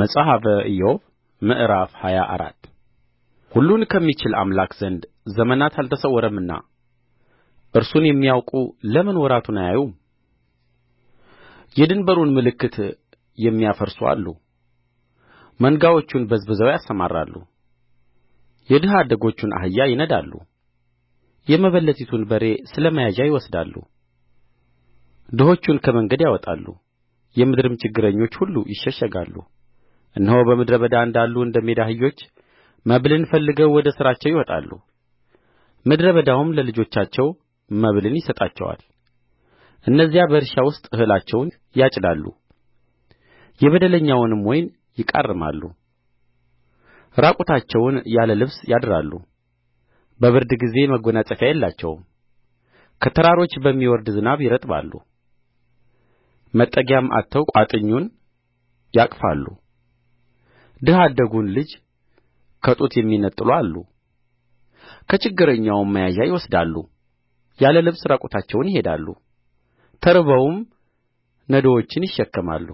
መጽሐፈ ኢዮብ ምዕራፍ ሃያ አራት ሁሉን ከሚችል አምላክ ዘንድ ዘመናት አልተሰወረምና እርሱን የሚያውቁ ለምን ወራቱን አያዩም? የድንበሩን ምልክት የሚያፈርሱ አሉ፣ መንጋዎቹን በዝብዘው ያሰማራሉ፣ የድሀ አደጎቹን አህያ ይነዳሉ፣ የመበለቲቱን በሬ ስለ መያዣ ይወስዳሉ፣ ድሆቹን ከመንገድ ያወጣሉ፣ የምድርም ችግረኞች ሁሉ ይሸሸጋሉ። እነሆ በምድረ በዳ እንዳሉ እንደ ሜዳ አህዮች መብልን ፈልገው ወደ ሥራቸው ይወጣሉ ምድረ በዳውም ለልጆቻቸው መብልን ይሰጣቸዋል እነዚያ በእርሻ ውስጥ እህላቸውን ያጭዳሉ የበደለኛውንም ወይን ይቃርማሉ ራቁታቸውን ያለ ልብስ ያድራሉ በብርድ ጊዜ መጐናጸፊያ የላቸውም ከተራሮች በሚወርድ ዝናብ ይረጥባሉ መጠጊያም አጥተው ቋጥኙን ያቅፋሉ ድሀ አደጉን ልጅ ከጡት የሚነጥሉ አሉ ከችግረኛውም መያዣ ይወስዳሉ ያለ ልብስ ራቁታቸውን ይሄዳሉ ተርበውም ነዶዎችን ይሸከማሉ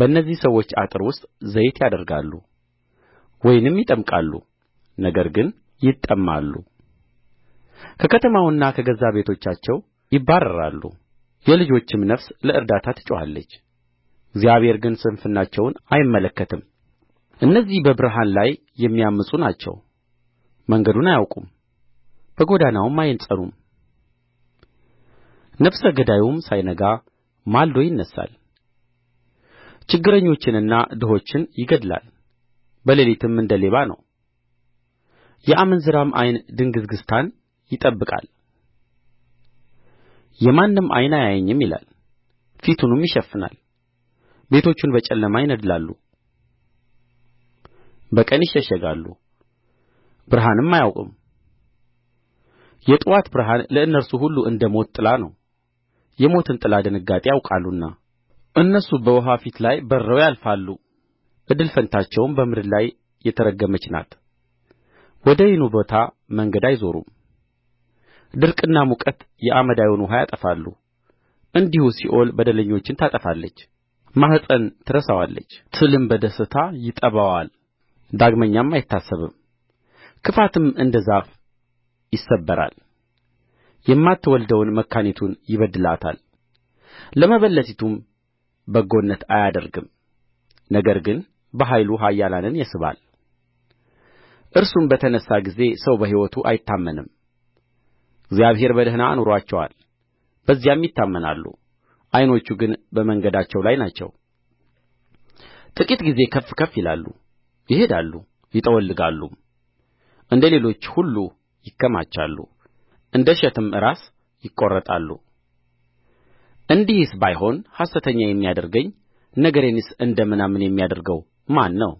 በእነዚህ ሰዎች አጥር ውስጥ ዘይት ያደርጋሉ ወይንም ይጠምቃሉ ነገር ግን ይጠማሉ ከከተማውና ከገዛ ቤቶቻቸው ይባረራሉ የልጆችም ነፍስ ለእርዳታ ትጮኻለች እግዚአብሔር ግን ስንፍናቸውን አይመለከትም እነዚህ በብርሃን ላይ የሚያምፁ ናቸው መንገዱን አያውቁም በጎዳናውም አይጸኑም ነፍሰ ገዳዩም ሳይነጋ ማልዶ ይነሣል ችግረኞችንና ድሆችን ይገድላል በሌሊትም እንደ ሌባ ነው የአመንዝራም ዓይን ድንግዝግዝታን ይጠብቃል የማንም ዓይን አያየኝም ይላል ፊቱንም ይሸፍናል ቤቶቹን በጨለማ ይነድላሉ በቀን ይሸሸጋሉ ብርሃንም አያውቁም የጥዋት ብርሃን ለእነርሱ ሁሉ እንደ ሞት ጥላ ነው የሞትን ጥላ ድንጋጤ ያውቃሉና እነርሱ በውኃ ፊት ላይ በርረው ያልፋሉ እድል ፈንታቸውም በምድር ላይ የተረገመች ናት ወደ ወይኑ ቦታ መንገድ አይዞሩም ድርቅና ሙቀት የአመዳዩን ውኃ ያጠፋሉ እንዲሁ ሲኦል በደለኞችን ታጠፋለች ማኅፀን ትረሳዋለች ትልም በደስታ ይጠባዋል ዳግመኛም አይታሰብም ክፋትም እንደ ዛፍ ይሰበራል የማትወልደውን መካኒቱን ይበድላታል ለመበለቲቱም በጎነት አያደርግም ነገር ግን በኃይሉ ኃያላንን ይስባል እርሱም በተነሣ ጊዜ ሰው በሕይወቱ አይታመንም እግዚአብሔር በደኅና አኑሮአቸዋል በዚያም ይታመናሉ ዓይኖቹ ግን በመንገዳቸው ላይ ናቸው ጥቂት ጊዜ ከፍ ከፍ ይላሉ ይሄዳሉ ይጠወልጋሉም እንደ ሌሎች ሁሉ ይከማቻሉ እንደ እሸትም ራስ ይቈረጣሉ እንዲህስ ባይሆን ሐሰተኛ የሚያደርገኝ ነገሬንስ እንደ ምናምን የሚያደርገው ማን ነው